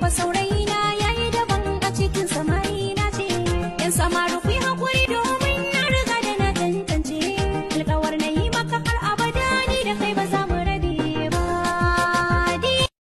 fa saurayi na yayi daban a cikin samari na ce yan samaru